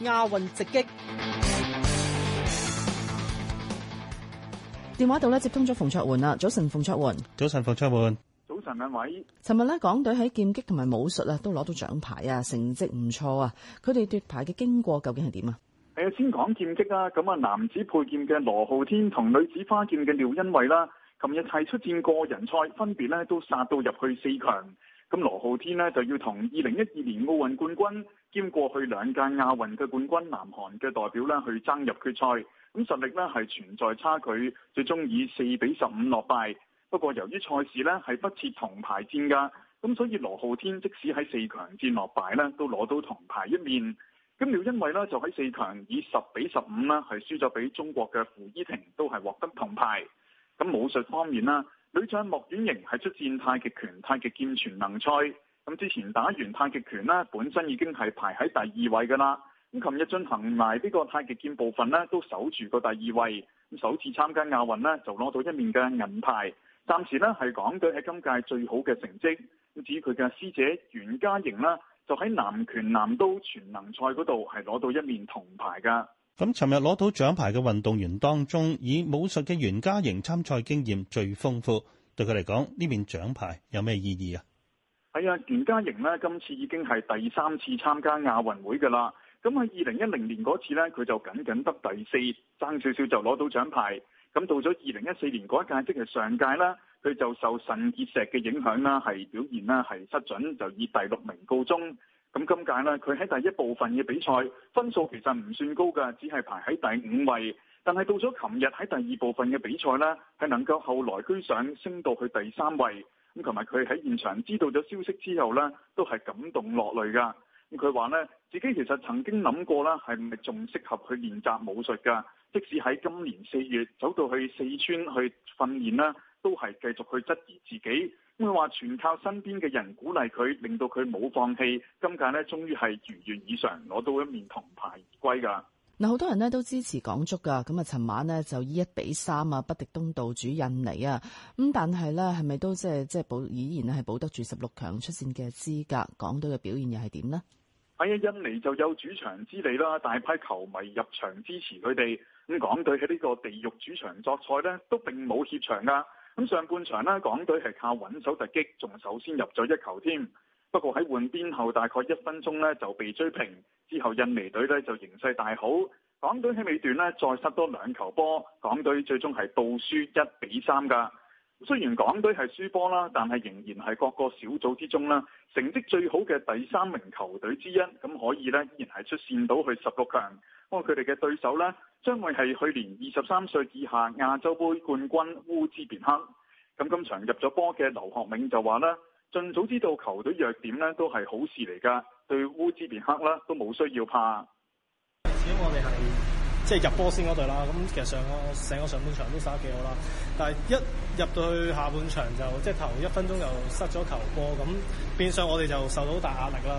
亞運直擊，電話度咧接通咗馮卓垣啦，早晨馮卓垣。早晨馮卓垣。早晨兩位。尋日咧，港隊喺劍擊同埋武術啊，都攞到獎牌啊，成績唔錯啊，佢哋奪牌嘅經過究竟係點啊？誒，先講劍擊啦，咁啊，男子佩劍嘅羅浩天同女子花劍嘅廖欣惠啦，琴日係出戰個人賽，分別咧都殺到入去四強。咁羅浩天呢，就要同二零一二年奧運冠軍兼過去兩屆亞運嘅冠軍南韓嘅代表呢去爭入決賽，咁實力呢係存在差距，最終以四比十五落敗。不過由於賽事呢係不設銅牌戰噶，咁所以羅浩天即使喺四強戰落敗呢都攞到銅牌一面。咁廖因偉呢，就喺四強以十比十五呢係輸咗俾中國嘅傅依婷，都係獲得銅牌。咁武術方面啦。女將莫婉瑩係出戰太極拳、太極劍全能賽，咁之前打完太極拳呢，本身已經係排喺第二位噶啦，咁琴日進行埋呢個太極劍部分呢，都守住個第二位，咁首次參加亞運呢，就攞到一面嘅銀牌，暫時呢，係港隊喺今屆最好嘅成績，至於佢嘅師姐袁嘉瑩呢，就喺南拳南刀全能賽嗰度係攞到一面銅牌噶。咁尋日攞到獎牌嘅運動員當中，以武術嘅袁家瑩參賽經驗最豐富對。對佢嚟講，呢面獎牌有咩意義啊？係啊，袁家瑩呢，今次已經係第三次參加亞運會噶啦。咁喺二零一零年嗰次呢，佢就僅僅得第四，爭少少就攞到獎牌。咁到咗二零一四年嗰一屆，即係上屆啦，佢就受腎結石嘅影響啦，係表現啦係失準，就以第六名告終。咁今屆呢，佢喺第一部分嘅比賽分數其實唔算高㗎，只係排喺第五位。但係到咗琴日喺第二部分嘅比賽呢，係能夠後來居上升到去第三位。咁同埋佢喺現場知道咗消息之後呢，都係感動落淚㗎。咁佢話呢，自己其實曾經諗過啦，係咪仲適合去練習武術㗎？即使喺今年四月走到去四川去訓練啦，都係繼續去質疑自己。佢話全靠身邊嘅人鼓勵佢，令到佢冇放棄。今屆咧，終於係如願以償，攞到一面銅牌而歸噶嗱，好多人咧都支持港足噶咁啊，尋晚呢就以一比三啊，不敵東道主印尼啊。咁但係呢，係咪都即係即係保依然咧係保得住十六強出線嘅資格？港隊嘅表現又係點呢？係啊，印尼就有主場之利啦，大批球迷入場支持佢哋。咁港隊喺呢個地獄主場作賽呢，都並冇怯場噶咁上半場呢，港隊係靠穩守突擊，仲首先入咗一球添。不過喺換邊後，大概一分鐘呢就被追平。之後印尼隊呢就形勢大好，港隊喺尾段呢再失多兩球波，港隊最終係倒輸一比三㗎。雖然港隊係輸波啦，但係仍然係各個小組之中啦，成績最好嘅第三名球隊之一，咁可以呢依然係出線到去十六強。不過佢哋嘅對手咧，將會係去年二十三歲以下亞洲杯冠軍烏茲別克。咁今場入咗波嘅劉學銘就話咧，盡早知道球隊弱點咧，都係好事嚟噶。對烏茲別克啦，都冇需要怕。始終我哋係即係入波先嗰隊啦，咁其實上個成個上半場都耍得幾好啦，但係一入到去下半場就即係、就是、頭一分鐘又失咗球波，咁變相我哋就受到大壓力啦。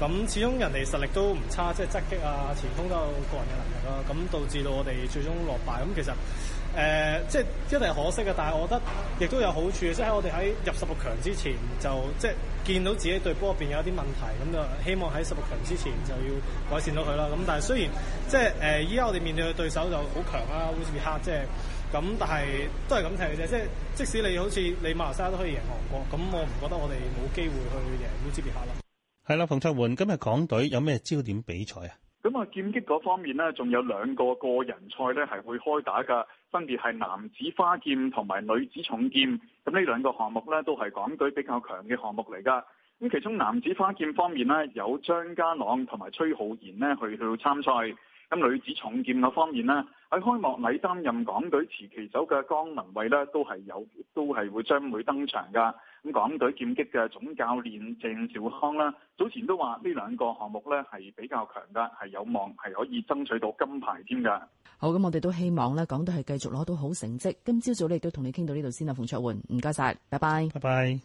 咁始終人哋實力都唔差，即係側擊啊、前鋒都有個人嘅能力啦、啊。咁導致到我哋最終落敗。咁其實誒、呃，即係一定係可惜嘅，但係我覺得亦都有好處。即係喺我哋喺入十六強之前就即係見到自己隊波入面有啲問題，咁就希望喺十六強之前就要改善到佢啦。咁但係雖然即係誒，依、呃、家我哋面對嘅對手就好強啊，烏茲別克，即係咁，但係都係咁睇嘅啫。即係即使你好似你馬來西亞都可以贏韓國，咁我唔覺得我哋冇機會去贏烏茲別克咯。係啦，馮卓垣今日港隊有咩焦點比賽啊？咁啊，劍擊嗰方面呢，仲有兩個個人賽呢係會開打噶，分別係男子花劍同埋女子重劍。咁呢兩個項目呢，都係港隊比較強嘅項目嚟噶。咁其中男子花劍方面呢，有張家朗同埋崔浩然呢去去參賽。咁女子重劍嗰方面呢，喺開幕禮擔任港隊持旗手嘅江旻憓呢，都係有，都係會將會登場噶。咁港隊劍擊嘅總教練鄭兆康啦，早前都話呢兩個項目咧係比較強噶，係有望係可以爭取到金牌添噶。好，咁我哋都希望咧，港隊係繼續攞到好成績。今朝早咧亦都同你傾到呢度先啦，馮卓垣，唔該晒，拜拜，拜拜。